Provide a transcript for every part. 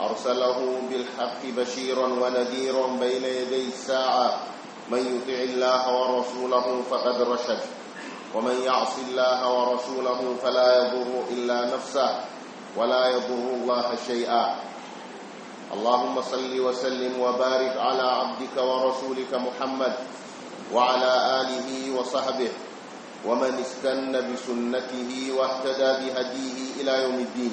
أرسله بالحق بشيرا ونذيرا بين يدي الساعة من يطع الله ورسوله فقد رشد ومن يعص الله ورسوله فلا يضر إلا نفسه ولا يضر الله شيئا اللهم صل وسلم وبارك على عبدك ورسولك محمد وعلى آله وصحبه ومن استن بسنته واهتدى بهديه إلى يوم الدين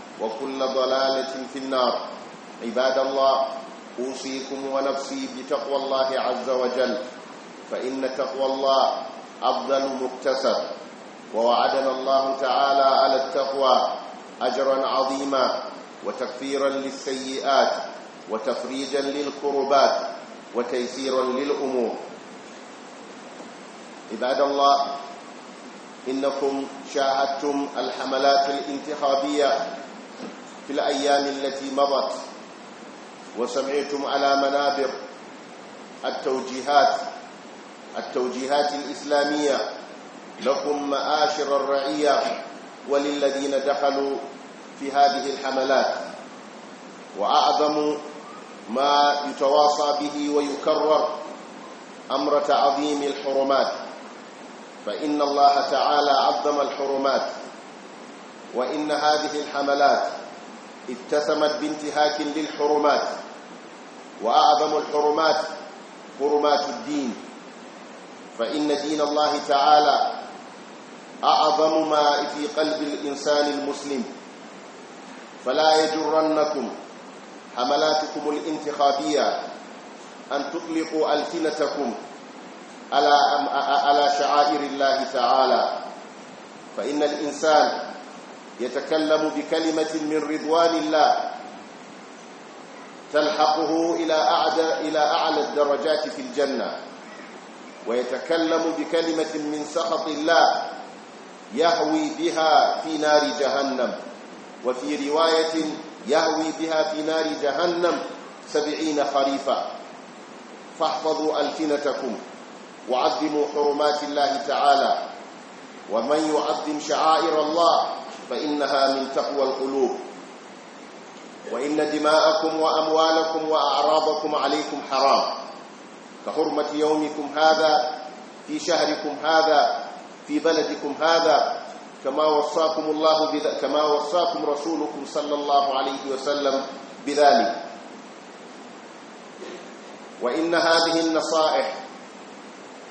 وكل ضلالة في النار عباد الله أوصيكم ونفسي بتقوى الله عز وجل فإن تقوى الله أفضل مكتسب ووعدنا الله تعالى على التقوى أجرا عظيما وتكفيرا للسيئات وتفريجا للكربات وتيسيرا للأمور عباد الله إنكم شاهدتم الحملات الانتخابية في الأيام التي مضت وسمعتم على منابر التوجيهات التوجيهات الإسلامية لكم مآشر الرعية وللذين دخلوا في هذه الحملات وأعظم ما يتواصى به ويكرر أمر تعظيم الحرمات فإن الله تعالى عظم الحرمات وإن هذه الحملات اتسمت بانتهاك للحرمات وأعظم الحرمات حرمات الدين فإن دين الله تعالى أعظم ما في قلب الإنسان المسلم فلا يجرنكم حملاتكم الانتخابية أن تطلقوا ألسنتكم على على شعائر الله تعالى فإن الإنسان يتكلم بكلمة من رضوان الله تلحقه إلى أعلى, إلى أعلى الدرجات في الجنة ويتكلم بكلمة من سخط الله يهوي بها في نار جهنم وفي رواية يهوي بها في نار جهنم سبعين خريفا فاحفظوا ألسنتكم وعظموا حرمات الله تعالى ومن يعظم شعائر الله فإنها من تقوى القلوب وإن دماءكم وأموالكم وأعراضكم عليكم حرام كحرمة يومكم هذا في شهركم هذا في بلدكم هذا كما وصاكم الله كما وصاكم رسولكم صلى الله عليه وسلم بذلك وإن هذه النصائح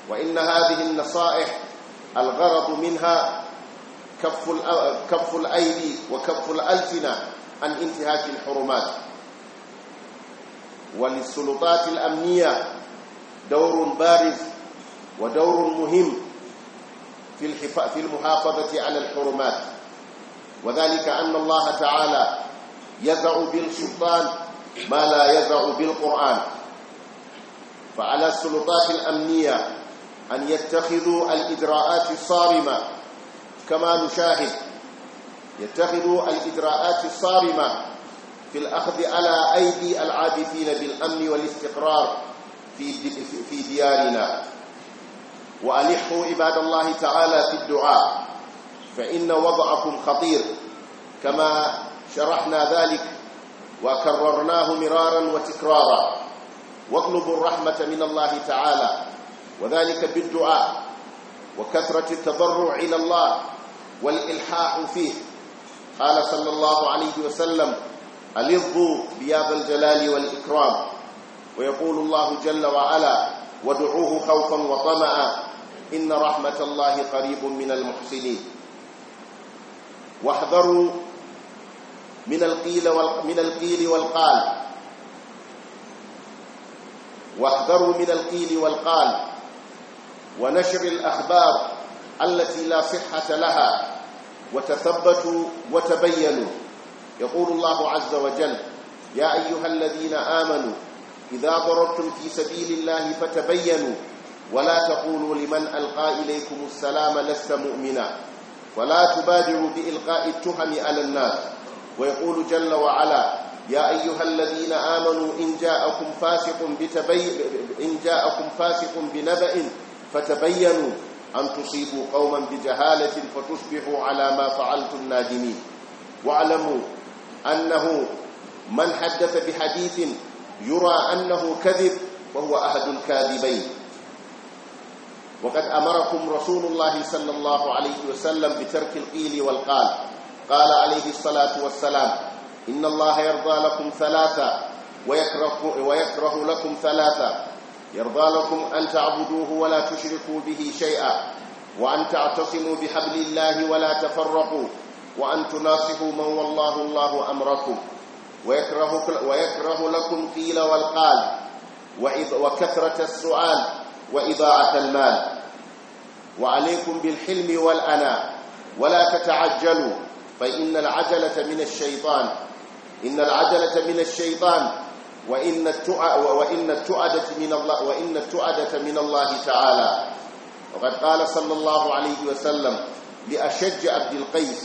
وإن هذه النصائح الغرض منها كف آه، كف الايدي وكف الالسنه عن انتهاك الحرمات وللسلطات الامنيه دور بارز ودور مهم في في المحافظه على الحرمات وذلك ان الله تعالى يزع بالسلطان ما لا يزع بالقران فعلى السلطات الامنيه ان يتخذوا الاجراءات الصارمه كما نشاهد يتخذ الإجراءات الصارمة في الأخذ على أيدي العادفين بالأمن والاستقرار في في ديارنا وألحوا عباد الله تعالى في الدعاء فإن وضعكم خطير كما شرحنا ذلك وكررناه مرارا وتكرارا واطلبوا الرحمة من الله تعالى وذلك بالدعاء وكثرة التضرع إلى الله والإلحاح فيه قال صلى الله عليه وسلم ألظوا بياض الجلال والإكرام ويقول الله جل وعلا ودعوه خوفا وطمعا إن رحمة الله قريب من المحسنين واحذروا من القيل من القيل والقال واحذروا من القيل والقال ونشر الأخبار التي لا صحة لها وتثبتوا وتبينوا يقول الله عز وجل يا أيها الذين آمنوا إذا ضربتم في سبيل الله فتبينوا ولا تقولوا لمن ألقى إليكم السلام لست مؤمنا ولا تبادروا بإلقاء التهم على الناس ويقول جل وعلا يا أيها الذين آمنوا إن جاءكم فاسق, بتبي... إن جاءكم فاسق بنبأ فتبينوا أن تصيبوا قوما بجهالة فتصبحوا على ما فعلتم نادمين واعلموا أنه من حدث بحديث يرى أنه كذب فهو أحد الكاذبين وقد أمركم رسول الله صلى الله عليه وسلم بترك القيل والقال قال عليه الصلاة والسلام إن الله يرضى لكم ثلاثة ويكره, ويكره لكم ثلاثة يرضى لكم أن تعبدوه ولا تشركوا به شيئا وأن تعتصموا بحبل الله ولا تفرقوا وأن تناصحوا من والله الله أمركم ويكره, ويكره لكم قيل والقال وكثرة السؤال وإضاعة المال وعليكم بالحلم والأنا ولا تتعجلوا فإن العجلة من الشيطان إن العجلة من الشيطان وإن التعدة من الله وإن التعدة من الله تعالى وقد قال صلى الله عليه وسلم لأشج عبد القيس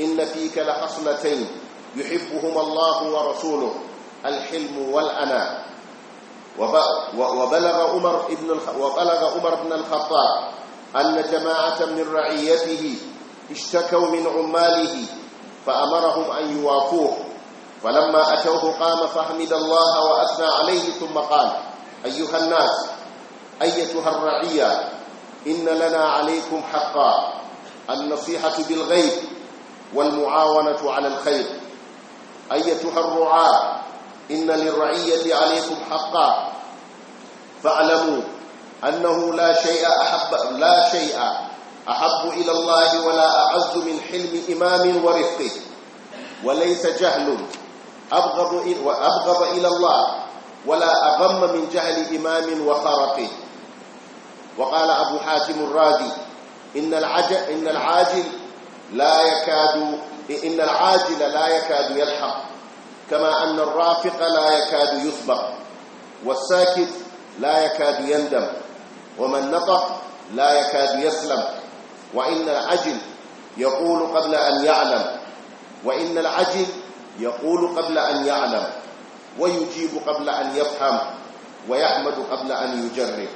إن فيك لخصلتين يحبهما الله ورسوله الحلم والأنا وبلغ عمر بن وبلغ عمر بن الخطاب أن جماعة من رعيته اشتكوا من عماله فأمرهم أن يوافوه فلما أتوه قام فحمد الله وأثنى عليه ثم قال أيها الناس أيتها الرعية إن لنا عليكم حقا النصيحة بالغيب والمعاونة على الخير أيتها الرعاة إن للرعية عليكم حقا فاعلموا أنه لا شيء أحب لا شيء أحب إلى الله ولا أعز من حلم إمام ورفقه وليس جهل أبغض, وأبغض إلى الله ولا أغم من جهل إمام وخرقه وقال أبو حاتم الرازي إن العجل, إن العاجل لا يكاد إن العاجل لا يكاد يلحق كما أن الرافق لا يكاد يسبق والساكت لا يكاد يندم ومن نطق لا يكاد يسلم وإن العجل يقول قبل أن يعلم وإن العجل يقول قبل أن يعلم ويجيب قبل أن يفهم ويحمد قبل أن يجرب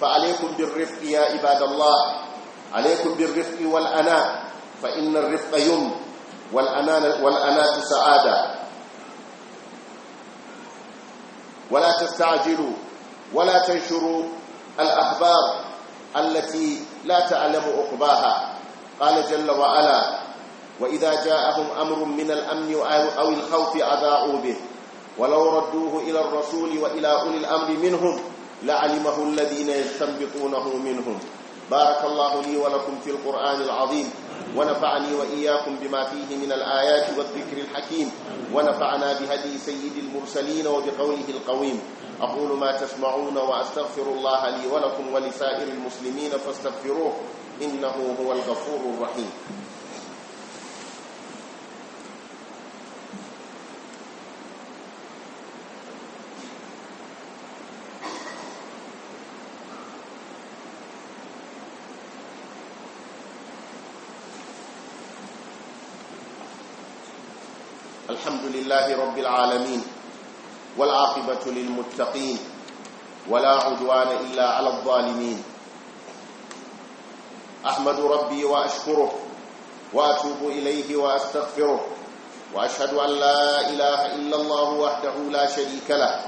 فعليكم بالرفق يا عباد الله عليكم بالرفق والأناة فإن الرفق يم والأناة سعادة ولا تستعجلوا ولا تنشروا الأخبار التي لا تعلم أخباها قال جل وعلا وإذا جاءهم أمر من الأمن أو الخوف أذاعوا به ولو ردوه إلى الرسول وإلى أولي الأمر منهم لعلمه الذين يستنبطونه منهم بارك الله لي ولكم في القرآن العظيم ونفعني وإياكم بما فيه من الآيات والذكر الحكيم ونفعنا بهدي سيد المرسلين وبقوله القويم أقول ما تسمعون وأستغفر الله لي ولكم ولسائر المسلمين فاستغفروه إنه هو الغفور الرحيم الحمد لله رب العالمين والعاقبة للمتقين ولا عدوان إلا على الظالمين أحمد ربي وأشكره وأتوب إليه وأستغفره وأشهد أن لا إله إلا الله وحده لا شريك له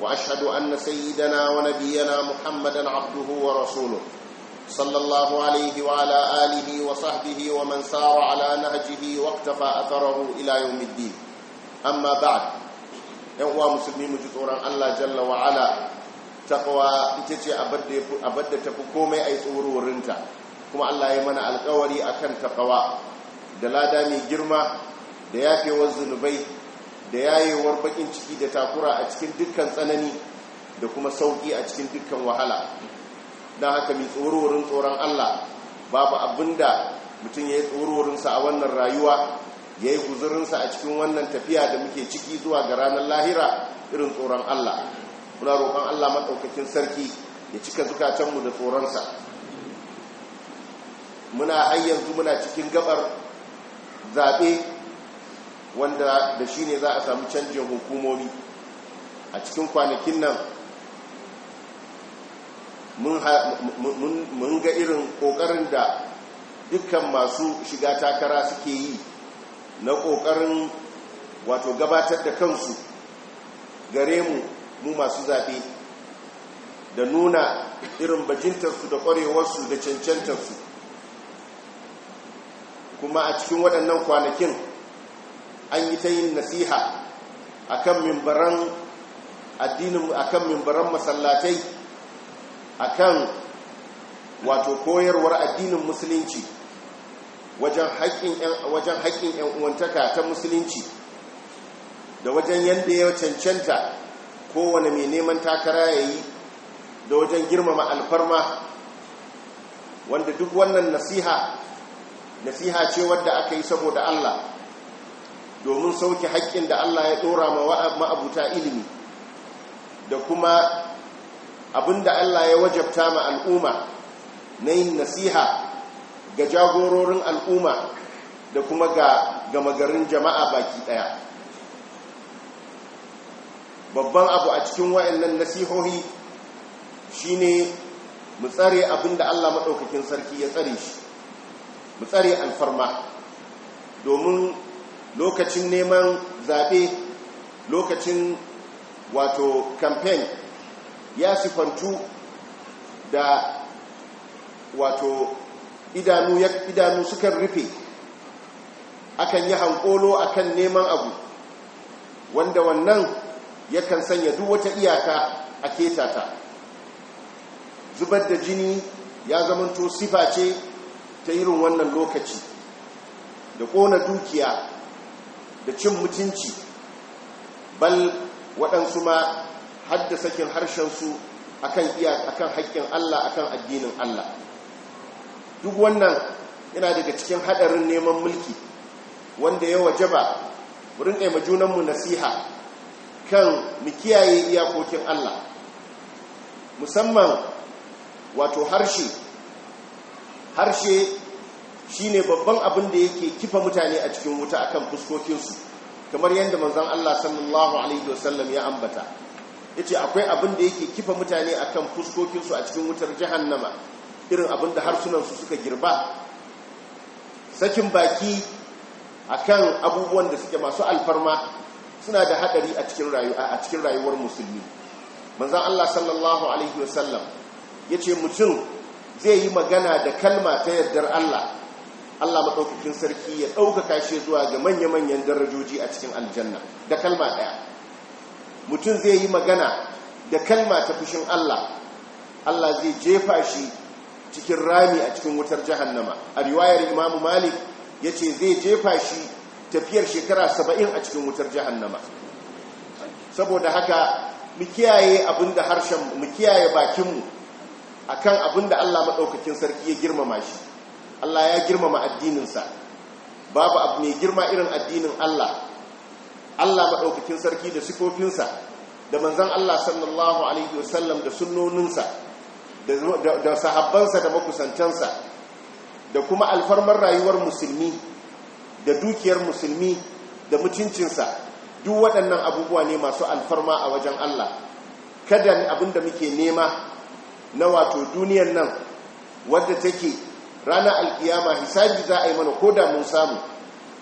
وأشهد أن سيدنا ونبينا محمدا عبده ورسوله صلى الله عليه وعلى آله وصحبه ومن سار على نهجه واقتفى أثره إلى يوم الدين أما بعد يوم مسلمين مجدورا الله جل وعلا تقوى تتي أبدا تفكومي أي tsoro wurinta kuma Allah ya mana alkawari akan taqwa da lada mai girma da yafewar zunubai da yayewar baƙin ciki da takura a cikin dukkan tsanani da kuma sauƙi a cikin dukkan wahala don haka mai tsororin tsoron Allah babu abinda mutum ya yi tsororinsa a wannan rayuwa ya yi guzurinsa a cikin wannan tafiya da muke ciki zuwa ga ranar lahira irin tsoron Allah muna roƙon Allah maɗaukakin sarki ya cika zukatanmu da tsoronsa muna hayyanzu muna cikin gabar zaɓe wanda da shi ne za a samu canjin hukumomi a cikin kwanakin nan mun ga irin ƙoƙarin da dukkan masu shiga takara suke yi na ƙoƙarin wato gabatar da kansu gare mu mu masu zafi da nuna irin bajintarsu da ƙwarewarsu da cancantarsu kuma a cikin waɗannan kwanakin an yi ta yin nasiha a kan mimbaran masallatai akan wato koyarwar addinin musulunci wajen haƙƙin 'yan uwantaka ta musulunci da wajen yadda ya cancanta kowane mai neman takara ya yi da wajen girmama alfarma wanda duk wannan nasiha nasiha ce wadda aka yi saboda Allah domin sauke haƙƙin da Allah ya ɗora ma'abuta ilimi da kuma abinda Allah ya wajabta ma al'umma na yin nasiha ga jagororin al'umma da kuma ga gama garin jama'a baki daya babban abu a cikin wa'annan nasihohi shine mu tsare abinda Allah madaukakin sarki ya tsare shi mu tsare alfarma domin lokacin neman zaɓe lokacin wato campaign ya sifantu da wato idanu ya idanu sukan rufe akan yi hankolo akan neman abu wanda wannan yakan sanya duk wata iyaka a ketata zubar da jini ya zamanto sifa ce ta irin wannan lokaci da kona dukiya da cin mutunci bal waɗansu ma kin kin harshensu akan iya akan haƙƙin Allah akan addinin Allah duk wannan yana daga cikin hadarin neman mulki wanda ya wajaba mu rinƙa ma junanmu nasiha kan mu kiyaye iyakokin Allah musamman wato harshe harshe shine babban abin da yake kifa mutane a cikin wuta akan fuskokinsu kamar yadda manzon Allah sallallahu alaihi wasallam ya ambata yace akwai abin da yake kifa mutane a kan fuskokinsu a cikin wutar jahannama irin abin da harsunansu suka girba sakin baki a kan abubuwan da suke masu alfarma suna da haɗari a cikin rayuwar musulmi manzan Allah sallallahu alaihi wasallam yace mutum zai yi magana da kalma ta yardar Allah Allah maɗaukakin sarki ya ɗaukaka shi zuwa ga manya-manyan darajoji a cikin aljanna da kalma ɗaya mutum zai yi magana da kalma ta fushin Allah Allah zai jefa shi cikin rami a cikin wutar jahannama a riwayar imamu malik ya ce zai jefa shi tafiyar shekara saba'in a cikin wutar jahannama saboda haka mu kiyaye da harshen mu kiyaye bakinmu akan abinda Allah maɗaukakin sarki ya girmama shi Allah ya girmama addininsa babu abu mai girma irin addinin Allah Allah maɗaukakin sarki da sifofinsa da manzan Allah sallallahu alaihi wasallam da sunnoninsa da sahabbansa da makusancansa da kuma alfarmar rayuwar musulmi da dukiyar musulmi da mutuncinsa duk waɗannan abubuwa ne masu alfarma a wajen Allah kada abinda muke nema na wato duniyar nan wadda take ranar alkiyama hisabi za a yi mana ko da mun samu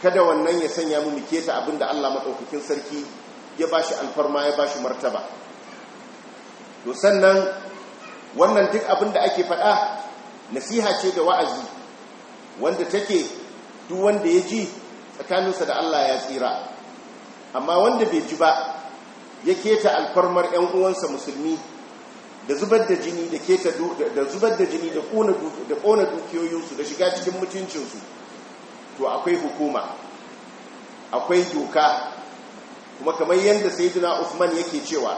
kada wannan ya sanya mu muke ta abinda Allah maɗaukakin sarki ya ba shi alfarma ya ba shi martaba to sannan wannan duk abinda ake faɗa nasiha ce da wa'azi wanda take duk wanda ya ji tsakaninsa da Allah ya tsira amma wanda bai ji ba ya keta alfarmar 'yan uwansa musulmi da da jini da keta da zubar da jini da kona dukiyoyinsu da shiga cikin mutuncinsu to akwai hukuma akwai doka kuma kamar yadda sayyidina Uthman yake cewa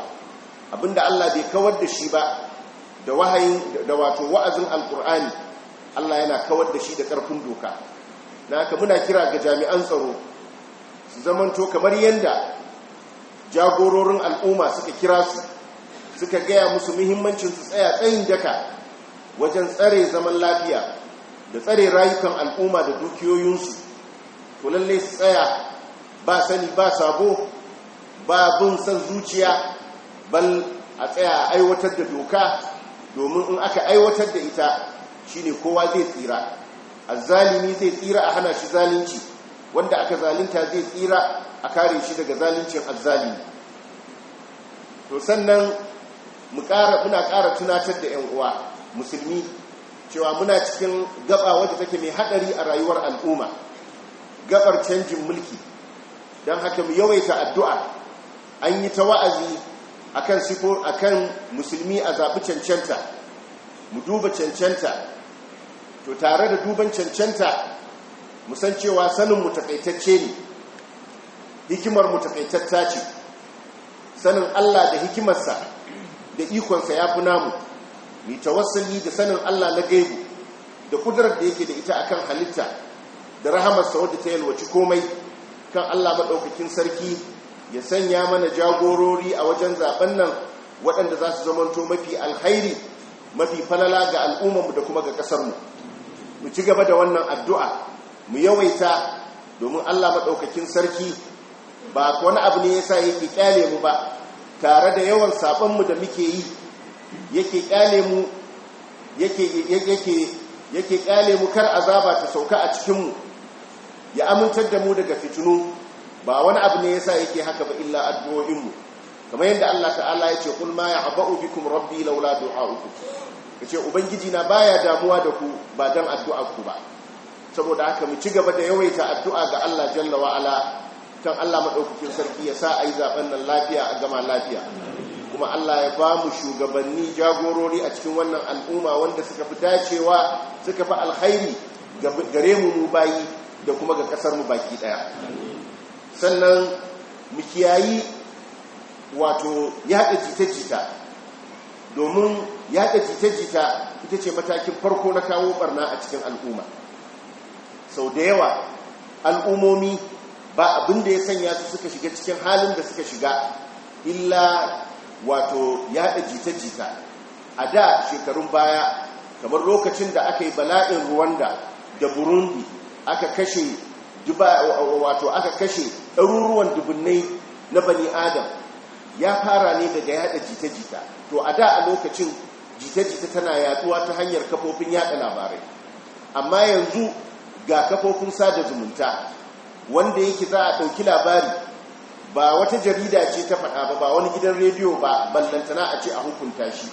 abinda Allah bai kawar da shi ba da wahayin da wato wa'azin alƙur'ani Allah yana kawar da shi da karfin doka na haka muna kira ga jami'an tsaro su zamanto kamar yadda jagororin al'umma suka kira su suka gaya musu muhimmancin su tsaya tsayin daka wajen tsare zaman lafiya da tsare rayukan al'umma da dukiyoyinsu to su tsaya ba sani ba sabo ba bin san zuciya bal a tsaya a aiwatar da doka domin in aka aiwatar da ita shine kowa zai tsira azzalimi zai tsira a hana shi zalunci wanda aka zalunta zai tsira a kare shi daga zaluncin azzalimi to sannan muna ƙara tunatar da 'yan uwa musulmi cewa muna cikin gaba wadda take mai hadari a rayuwar al'umma gabar canjin mulki don haka mu yawaita addu'a an yi ta wa'azi akan sifo akan musulmi a zaɓi cancanta mu duba cancanta to tare da duban cancanta musan cewa sanin mu ne hikimar mu ce sanin Allah da hikimarsa da ikonsa ya fi namu mai tawassali da sanin Allah na gaibu da kudurar da yake da ita akan halitta da rahamarsa wadda ta yalwaci komai kan Allah maɗaukakin sarki ya sanya mana jagorori a wajen zaben nan waɗanda za su zamanto mafi alhairi mafi falala ga al'ummarmu da kuma ga ƙasarmu mu ci gaba da wannan addu'a mu yawaita domin Allah maɗaukakin sarki ba wani abu ne ya sa yake kyale mu ba tare da yawan saɓonmu da muke yi yake kyale mu yake yake yake kyale mu kar azaba ta sauka a cikin mu ya amintar da mu daga fitinu ba wani abu ne yasa yake haka ba illa addu'o'in mu kamar yadda Allah ta'ala ya ce kul ma ya'ba'u bikum rabbi laula du'a'ukum yace ubangiji na baya damuwa da ku ba dan addu'a ku ba saboda haka mu ci gaba da yawaita addu'a ga Allah jalla wa ala kan Allah madaukakin sarki ya sa ayi zaben nan lafiya a gama lafiya kuma Allah ya ba mu shugabanni jagorori a cikin wannan al'umma wanda suka fi dacewa suka fi alkhairi gare mu mu bayi da kuma ga kasar mu baki daya sannan mu kiyayi wato yaɗa jita-jita domin yaɗa jita-jita ita ce matakin farko na kawo barna a cikin al'umma sau da yawa al'umomi ba abinda ya sanya su suka shiga cikin halin da suka shiga illa wato yada jita-jita a da shekarun baya kamar lokacin da aka yi bala'in rwanda da burundi aka kashe wato aka kashe ɗaruruwan dubunnai na bani adam ya fara ne daga yada jita-jita to a da a lokacin jita-jita tana yaduwa ta hanyar kafofin yada labarai amma yanzu ga kafofin sada zumunta wanda yake za a ɗauki labari ba wata jarida ce ta faɗa ba ba wani gidan rediyo ba ballantana a ce a hukunta shi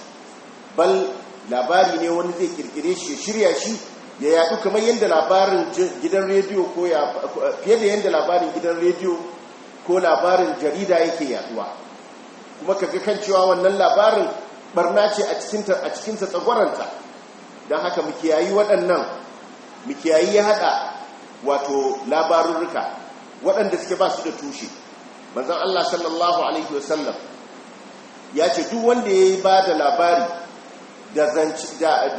bal labari ne wani zai kirkire shi shirya shi ya yaɗu kamar yadda labarin gidan rediyo ko ya fiye da yadda labarin gidan rediyo ko labarin jarida yake yaduwa kuma ka ga kan cewa wannan labarin barna ce a cikinta a cikinta tsagwaranta don haka mu kiyayi waɗannan mu kiyayi ya haɗa wato labarurruka waɗanda suke ba su da tushe manzon Allah sallallahu alaihi wasallam ya ce duk wanda ya yi ba da labari da zanci da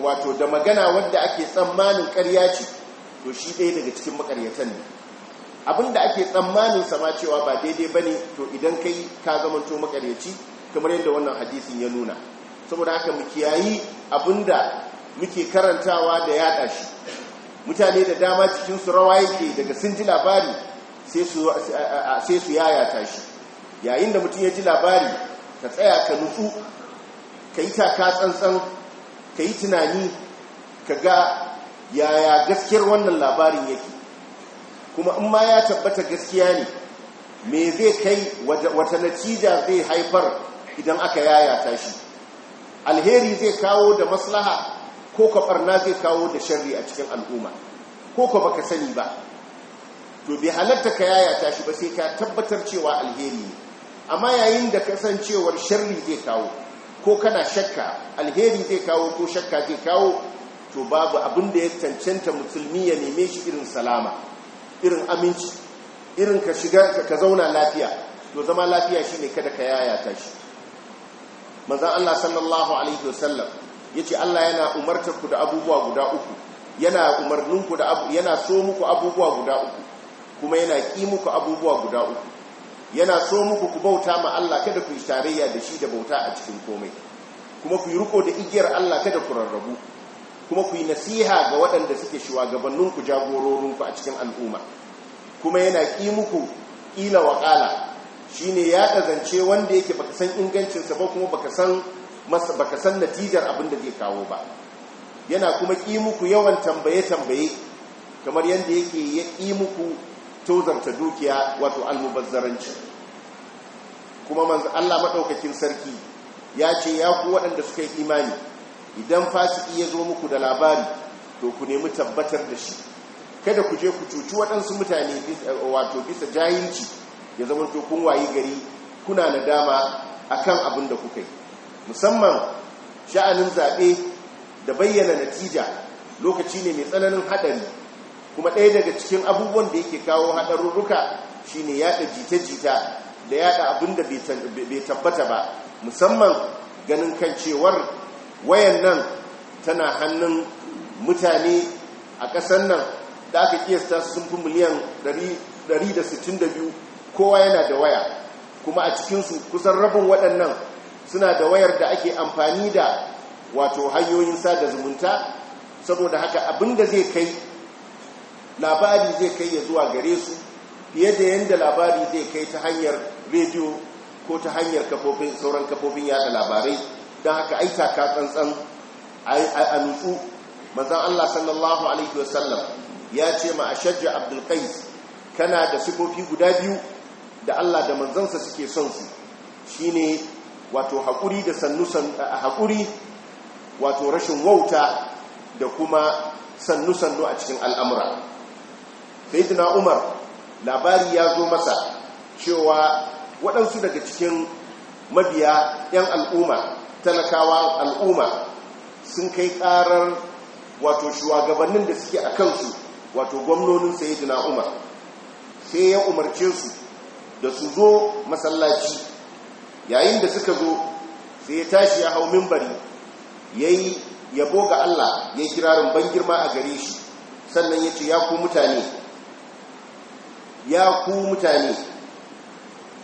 wato da magana wanda ake tsammanin karya ce to shi ɗaya daga cikin makaryatan ne abinda ake tsammanin sama cewa ba daidai ba ne to idan kai ka zamanto makaryaci kamar yadda wannan hadisin ya nuna saboda haka mu kiyayi abinda muke karantawa da yaɗa shi mutane da dama cikin su rawa yake daga sun ji labari sai su yayata shi yayin da mutum ya ji labari ka tsaya ka nutsu ka yi taka tsantsan ka yi tunani ka ga yaya gaskiyar wannan labarin yake kuma in ma ya tabbata gaskiya ne me zai kai wata natija zai haifar idan aka yaya tashi alheri zai kawo da maslaha ko kwabarna zai kawo da sharri a cikin al'umma ko kwa baka sani ba to bai halatta ka yayata shi ba sai ka tabbatar cewa alheri ne amma yayin da kasancewar sharri zai kawo ko kana shakka alheri zai kawo ko shakka zai kawo to babu abin da ya cancanta musulmi ya neme shi irin salama irin aminci irin ka shiga ka zauna lafiya to zama lafiya shi ne kada ka yayata shi manzon Allah sallallahu alaihi wasallam yace Allah yana umartar ku da abubuwa guda uku yana umarninku da so muku abubuwa guda uku kuma yana ƙi muku abubuwa guda uku yana so muku ku bauta ma Allah kada ku yi tarayya da shi da bauta a cikin komai kuma ku yi riko da igiyar Allah kada ku rarrabu kuma ku yi nasiha ga waɗanda suke ku jagororin ku a cikin al'umma kuma yana ƙi muku ƙila wa ƙala shi ne ya kazance wanda yake baka san ingancinsa ba kuma baka san natijar abin da zai kawo ba yana kuma ƙi muku yawan tambaye-tambaye kamar yadda yake ya muku tozarta dukiya wato almubazzaranci kuma manzo Allah madaukakin sarki ya ce ya ku waɗanda suka yi imani idan fasiki ya zo muku da labari to ku nemi tabbatar da shi kada ku je ku cuci waɗansu mutane wato bisa jayinci ya zama to kun wayi gari kuna nadama akan abin da kuka yi musamman sha'anin zaɓe da bayyana natija lokaci ne mai tsananin haɗari kuma ɗaya daga cikin abubuwan da yake kawo haɗarurruka ne yaɗa jita-jita da yaɗa abin da bai tabbata ba musamman ganin kan cewar wayan nan tana hannun mutane a ƙasar nan da aka kiyasta sun fi miliyan 162 kowa yana da waya kuma a cikinsu kusan rabin waɗannan suna da wayar da ake amfani da wato hanyoyin sada zumunta saboda haka abin da zai kai labari zai kai ya zuwa gare su fiye da yadda labari zai kai ta hanyar rediyo ko ta hanyar kafofin sauran kafofin yada labarai don haka aita ka tsantsan a nutsu mazan Allah sallallahu alaihi wasallam ya ce ma a shajja abdulkais kana da sifofi guda biyu da Allah da manzansa suke son su shine wato haƙuri da sannusan haƙuri wato rashin wauta da kuma sannu-sannu a cikin al'amura saidina umar labari ya zo masa cewa waɗansu daga cikin mabiya 'yan al'umma talakawa al'umma sun kai ƙarar wato shugabannin da suke a kansu wato gwamnonin saidina umar sai ya umarce su da su zo masallaci yayin da suka zo sai ya tashi ya hau mimbari ya yi yabo ga allah ya kirarin ban girma a gare shi sannan ya ce ya ku mutane ya ku mutane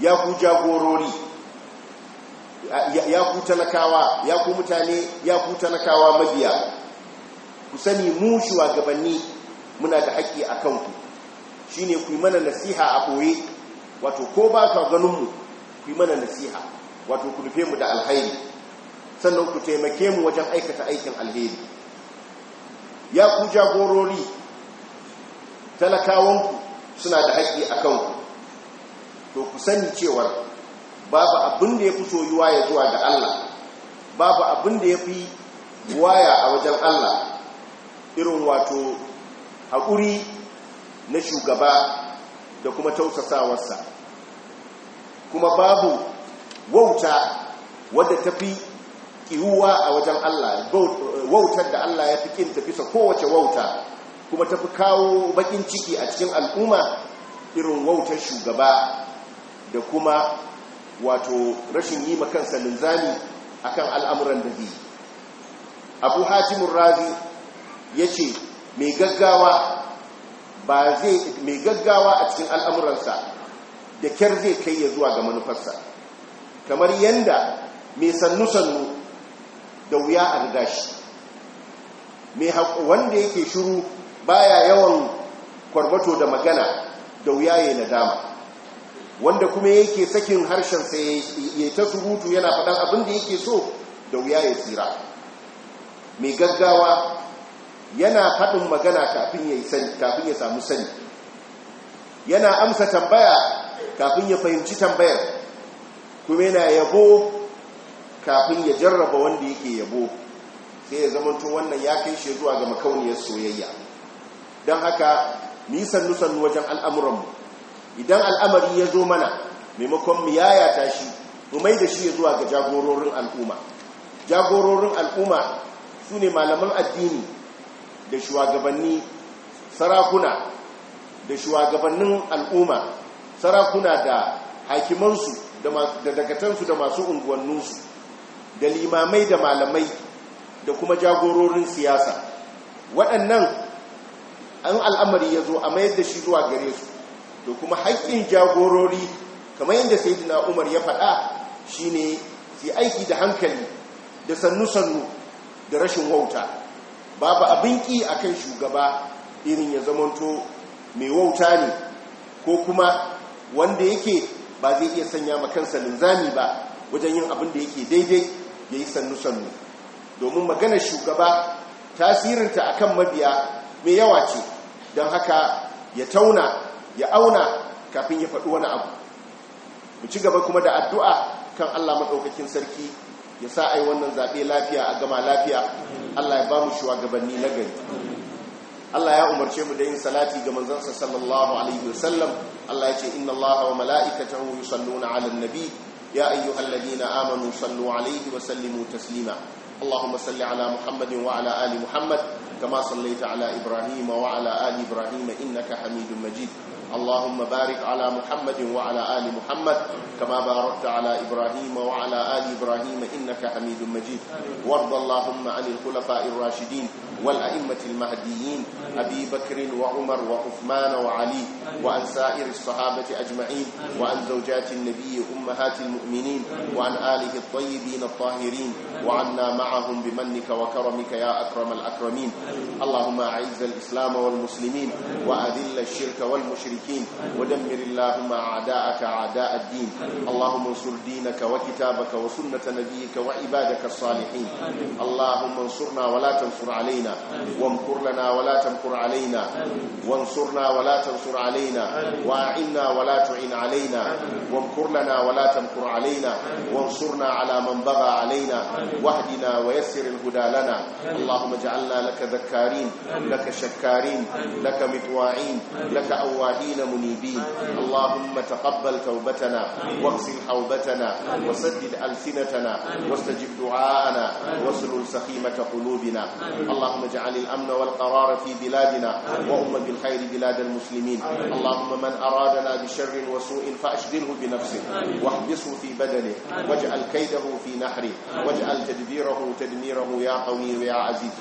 ya ku jagorori ya ku talakawa ya ku mutane ya ku talakawa mabiya ku sani mu shugabanni muna da haƙƙi a kanku shi ne ku yi mana nasiha a ɓoye wato ko ba ka ganinmu ku yi mana nasiha wato ku rufe mu da alhairi sannan ku taimake mu wajen aikata aikin alheri ya ku jagorori talakawanku suna da haƙƙi a kanku to ku sani cewar babu abin da ya fi soyuwa ya zuwa da Allah babu abin da ya fi waya a wajen Allah irin wato haƙuri na shugaba da kuma tausasawarsa kuma babu wauta wadda ta fi ƙiwuwa a wajen Allah eh, wautar da Allah ya fi ƙin tafisa kowace wauta kuma tafi kawo bakin ciki a cikin al'umma irin wautar shugaba da kuma wato rashin yi zani a kan al'amuran da biyu. abu hatimun razi ya ce mai gaggawa a cikin al'amuransa da kyar zai kai ya zuwa ga manufarsa kamar yadda mai sannu-sannu da wuya a riga shi wanda yake shuru baya yawan kwarbato da magana da wuya na nadama wanda kuma yake sakin harshen sai ya ta surutu yana faɗan abin da yake so da wuya ya tsira mai gaggawa yana haɗin magana kafin ya samu sani yana amsa tambaya kafin ya fahimci tambayar kuma yana yabo kafin ya jarraba wanda yake yabo sai ya zamanto wannan ya kai shi zuwa ga makauniyar soyayya don haka nisan sannu sannu wajen al'amuranmu idan al'amari ya zo mana maimakon mu yayata shi mu mai da shi ya zuwa ga jagororin al'umma jagororin al'umma su ne malaman addini da shugabanni sarakuna da shugabannin al'umma sarakuna da hakimansu da dagatansu da masu unguwanninsu da limamai da malamai da kuma jagororin siyasa waɗannan an al'amari ya zo a mayar da shi zuwa gare su to kuma haƙƙin jagorori kamar yadda dina umar ya faɗa shi ne su aiki da hankali da sannu-sannu da rashin wauta babu abin ƙi a kan shugaba irin ya zamanto mai wauta ne ko kuma wanda yake ba zai iya sanya makansa linzami ba wajen yin abin da yake daidai ya yi sannu-sannu domin maganar shugaba tasirinta akan mabiya mai yawa ce don haka ya tauna ya auna kafin ya faɗi wani abu mu ci gaba kuma da addu'a kan Allah maɗaukakin sarki ya sa a yi wannan zaɓe lafiya a gama lafiya Allah ya ba mu gabanni na gari Allah ya umarce mu da yin salati ga manzansa sallallahu alaihi wasallam Allah ya ce inna Allah wa mala'ikatahu yusalluna 'alan nabi ya ayyuhalladhina amanu sallu 'alaihi wa sallimu taslima Allahumma salli 'ala Muhammadin wa 'ala ali Muhammad كما صليت على إبراهيم وعلى آل إبراهيم إنك حميد مجيد اللهم بارك على محمد وعلى آل محمد كما باركت على إبراهيم وعلى آل إبراهيم إنك حميد مجيد وارض اللهم عن الخلفاء الراشدين والأئمة المهديين أبي بكر وعمر وعثمان وعلي وعن سائر الصحابة أجمعين وعن زوجات النبي أمهات المؤمنين وعن آله الطيبين الطاهرين وعنا معهم بمنك وكرمك يا أكرم الأكرمين اللهم أعز الإسلام والمسلمين وأذل الشرك والمشركين المشركين ودمر اللهم أعداءك أعداء الدين اللهم انصر دينك وكتابك وسنة نبيك وعبادك الصالحين اللهم انصرنا ولا تنصر علينا وامكر لنا ولا تمكر علينا وانصرنا ولا تنصر علينا واعنا ولا تعن علينا وامكر لنا ولا تمكر علينا وانصرنا على من بغى علينا واهدنا ويسر الهدى لنا اللهم اجعلنا لك ذكارين لك شكارين لك مطواعين لك أواهين الضالين منيبين اللهم تقبل توبتنا واغسل حوبتنا وسدد ألسنتنا واستجب دعاءنا واسلل سخيمة قلوبنا اللهم اجعل الأمن والقرار في بلادنا وأم بالخير بلاد المسلمين اللهم من أرادنا بشر وسوء فأشغله بنفسه واحبسه في بدنه واجعل كيده في نحره واجعل تدبيره تدميره يا قوي يا عزيز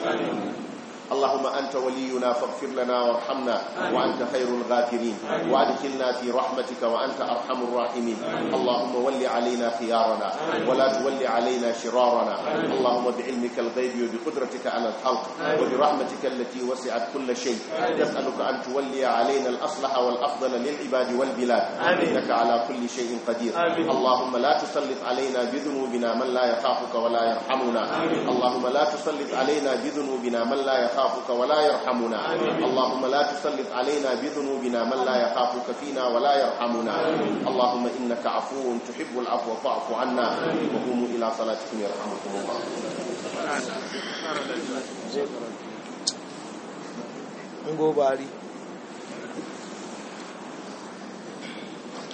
اللهم أنت ولينا فاغفر لنا وارحمنا وأنت خير الغافرين وادخلنا في رحمتك وأنت أرحم الراحمين اللهم ول علينا خيارنا ولا تول علينا شرارنا اللهم بعلمك الغيب وبقدرتك على الخلق وبرحمتك التي وسعت كل شيء نسألك أن تولي علينا الأصلح والأفضل للعباد والبلاد إنك على كل شيء قدير اللهم لا تسلط علينا بذنوبنا من لا يخافك ولا يرحمنا اللهم لا تسلط علينا بذنوبنا من لا يخافك يخافك ولا يرحمنا اللهم لا تسلط علينا بذنوبنا من لا يخافك فينا ولا يرحمنا اللهم إنك عفو تحب العفو فاعف عنا وقوموا إلى صلاتكم يرحمكم الله ngobari